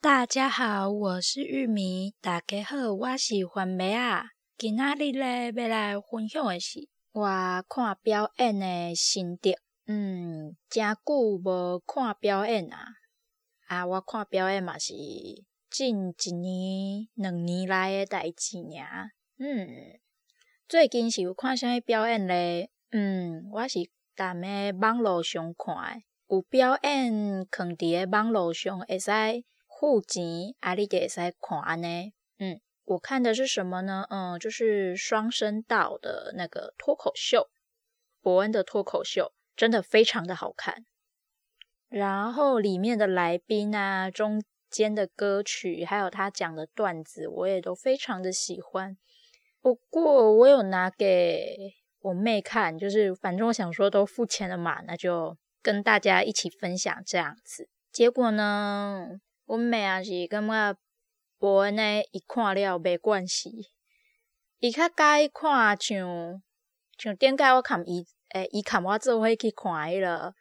大家好，我是玉米。大家好，我是番麥啊。今仔日咧要來分享個是，我看表演個心得。嗯，誠久無看表演啊。啊，我看表演嘛是近一年、兩年來個代志爾。嗯，最近是有看啥物表演咧。嗯，我是踮個網絡上看個，有表演放佇個網絡上會使。戶籍阿麗姐在看呢，嗯，我看的是什麼呢？嗯，就是雙聲道的那個脫口秀，博恩的脫口秀真的非常的好看。然後裡面的來賓啊，中間的歌曲，還有他講的段子，我也都非常的喜歡。不過我有拿給我妹看，就是反正我想說都付錢了嘛，那就跟大家一起分享這樣子。結果呢？阮妹也是感覺無安尼，伊看了袂慣勢。伊較佮意看像像頂擺我看伊，誒，伊看我做伙去看迄個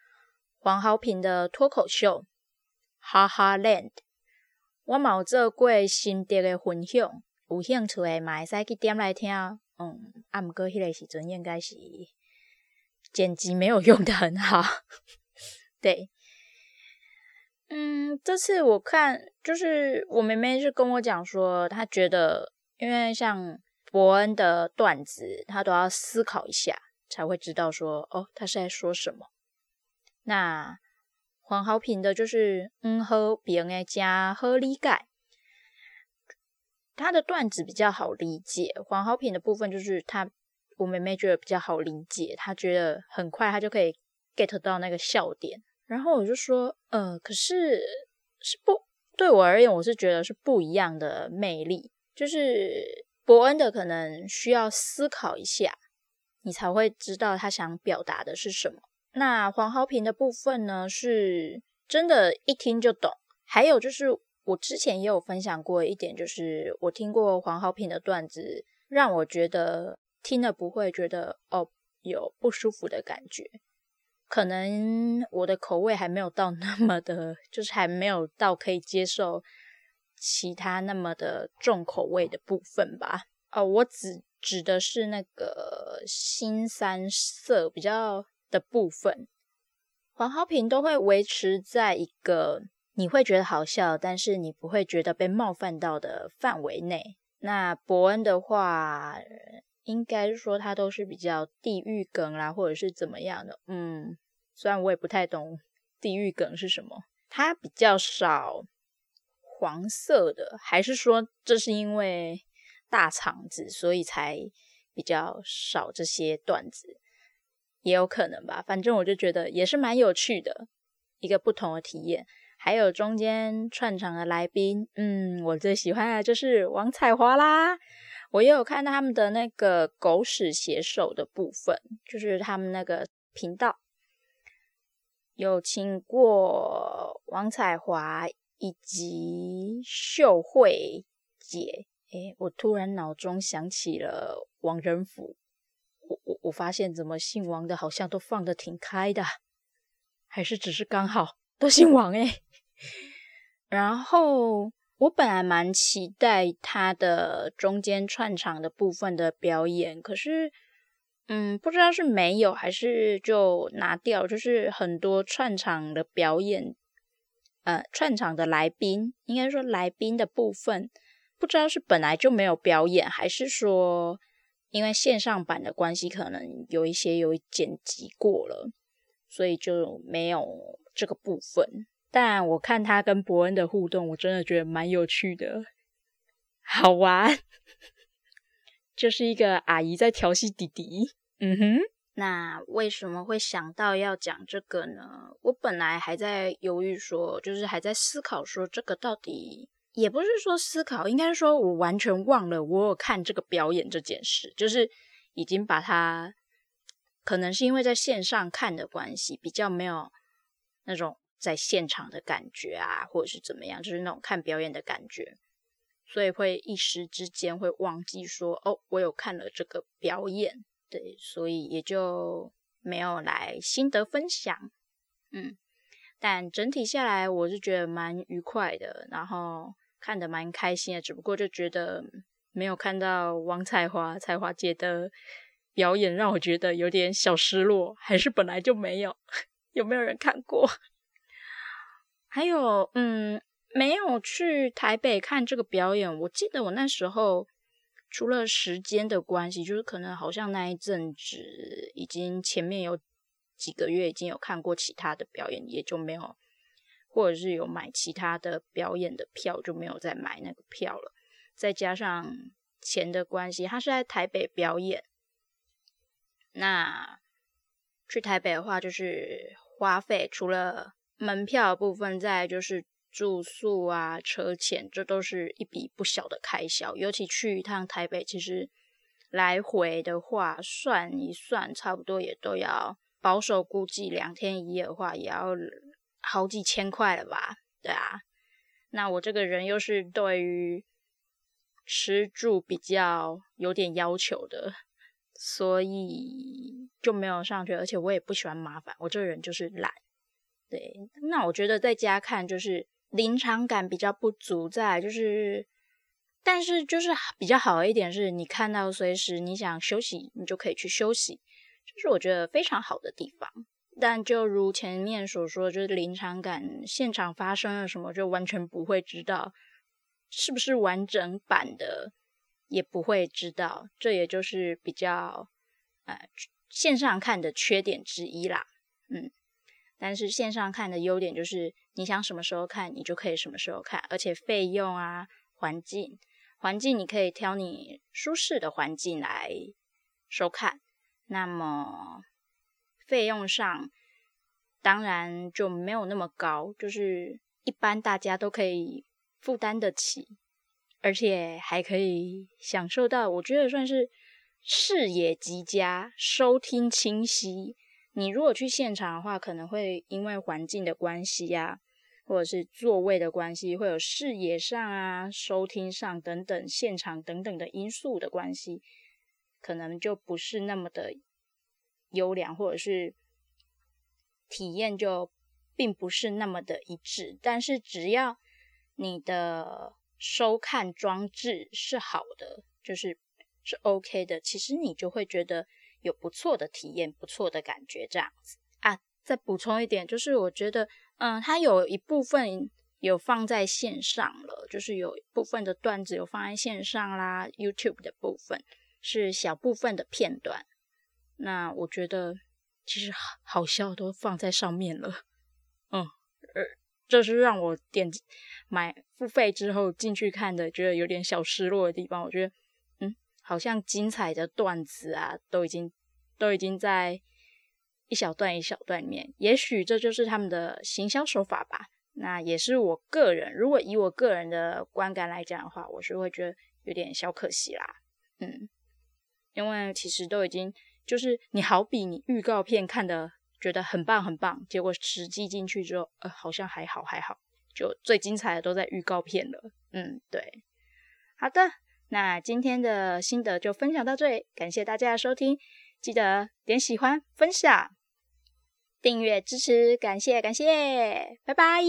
黃豪平的脫口秀《哈哈 land》。我嘛有做過心得的分享，有興趣的嘛會使去點來聽。嗯，啊，毋過迄個時陣應該是剪輯沒有用的很好 對。嗯，這次我看就是我妹妹是跟我講說，她覺得因為像博恩的段子，她都要思考一下才會知道說哦，他是在說什麼。那黃豪平的就是嗯喝比恩愛加喝力蓋，他的段子比較好理解。黃豪平的部分就是他，我妹妹覺得比較好理解，她覺得很快她就可以 get 到那個笑點。然後我就說，呃，可是，是不，對我而言，我是覺得是不一樣的魅力。就是博恩的可能需要思考一下，你才會知道他想表達的是什麼。那黃豪平的部分呢，是真的，一聽就懂。還有就是我之前也有分享過一點，就是我聽過黃豪平的段子，讓我覺得聽了不會覺得哦，有不舒服的感覺。可能我的口味還沒有到那麼的，就是還沒有到可以接受其他那麼的重口味的部分吧。哦，我指指的是那個新三色比較的部分，黃豪平都會維持在一個你會覺得好笑，但是你不會覺得被冒犯到的範圍內。那博恩的話。應該是說它都是比較地獄梗啦，或者是怎麼樣的。嗯，雖然我也不太懂地獄梗是什麼，它比較少黃色的，還是說這是因為大場子所以才比較少這些段子，也有可能吧。反正我就覺得也是蠻有趣的，一個不同的體驗。還有中間串場的來賓，嗯，我最喜歡的就是王彩樺啦。我也有看到他們的那個“狗屎寫手”的部分，就是他們那個頻道有請過王彩華以及秀慧姐。誒，我突然腦中想起了王仁甫。我我我發現怎麼姓王的好像都放得挺開的，還是只是剛好都姓王誒 然後。我本來蠻期待他的中間串場的部分的表演，可是，嗯，不知道是沒有還是就拿掉，就是很多串場的表演，呃，串場的來賓，應該說來賓的部分，不知道是本來就沒有表演，還是說因為線上版的關係，可能有一些有剪輯過了，所以就沒有這個部分。但我看他跟博恩的互動，我真的覺得蠻有趣的，好玩， 就是一個阿姨在調戲弟弟。嗯哼。那為什麼會想到要講這個呢？我本來還在猶豫說，說就是還在思考，說這個到底也不是說思考，應該說我完全忘了我有看這個表演這件事，就是已經把它，可能是因為在線上看的關係，比較沒有那種。在現場的感覺啊，或者是怎麼樣，就是那種看表演的感覺，所以會一時之間會忘記說哦，我有看了這個表演，對，所以也就沒有來心得分享。嗯，但整體下來我是覺得蠻愉快的，然後看得蠻開心的，只不過就覺得沒有看到王彩樺、彩樺姐的表演讓我覺得有點小失落，還是本來就沒有？有沒有人看過？還有，嗯，沒有去台北看這個表演。我記得我那時候除了時間的關係，就是可能好像那一陣子已經前面有幾個月已經有看過其他的表演，也就沒有，或者是有買其他的表演的票，就沒有再買那個票了。再加上錢的關係，他是在台北表演，那去台北的話就是花費除了。門票的部分，再就是住宿啊、車錢，這都是一筆不小的開銷。尤其去一趟台北，其實來回的話算一算，差不多也都要保守估計兩天一夜的話，也要好幾千塊了吧？對啊，那我這個人又是對於吃住比較有點要求的，所以就沒有上去。而且我也不喜歡麻煩，我這個人就是懶。對，那我覺得在家看就是臨場感比較不足，在就是，但是就是比較好一點是你看到隨時你想休息，你就可以去休息，就是我覺得非常好的地方。但就如前面所說，就是臨場感，現場發生了什麼就完全不會知道，是不是完整版的也不會知道，這也就是比較呃線上看的缺點之一啦，嗯。但是線上看的優點就是，你想什麼時候看，你就可以什麼時候看，而且費用啊、環境、環境你可以挑你舒適的環境來收看。那麼費用上當然就沒有那麼高，就是一般大家都可以負擔得起，而且還可以享受到，我覺得算是視野極佳、收聽清晰。你如果去現場的話，可能會因為環境的關係呀、啊，或者是座位的關係，會有視野上啊、收聽上等等現場等等的因素的關係，可能就不是那麼的優良，或者是體驗就並不是那麼的一致。但是只要你的收看裝置是好的，就是是 OK 的，其實你就會覺得。有不錯的體驗，不錯的感覺，這樣子啊。再補充一點，就是我覺得，嗯，它有一部分有放在線上了，就是有一部分的段子有放在線上啦，YouTube 的部分是小部分的片段。那我覺得，其實好，好笑都放在上面了，嗯，呃，這是讓我點，買付費之後進去看的，覺得有點小失落的地方。我覺得，嗯，好像精彩的段子啊，都已經。都已經在一小段一小段裡面，也許這就是他們的行銷手法吧。那也是我個人，如果以我個人的觀感來講的話，我是會覺得有點小可惜啦。嗯，因為其實都已經就是你好比你預告片看得覺得很棒很棒，結果實際進去之後，呃，好像還好還好，就最精彩的都在預告片了。嗯，對。好的，那今天的心得就分享到這裡，感謝大家的收聽。記得點喜歡、分享、訂閱支持，感謝感謝，拜拜。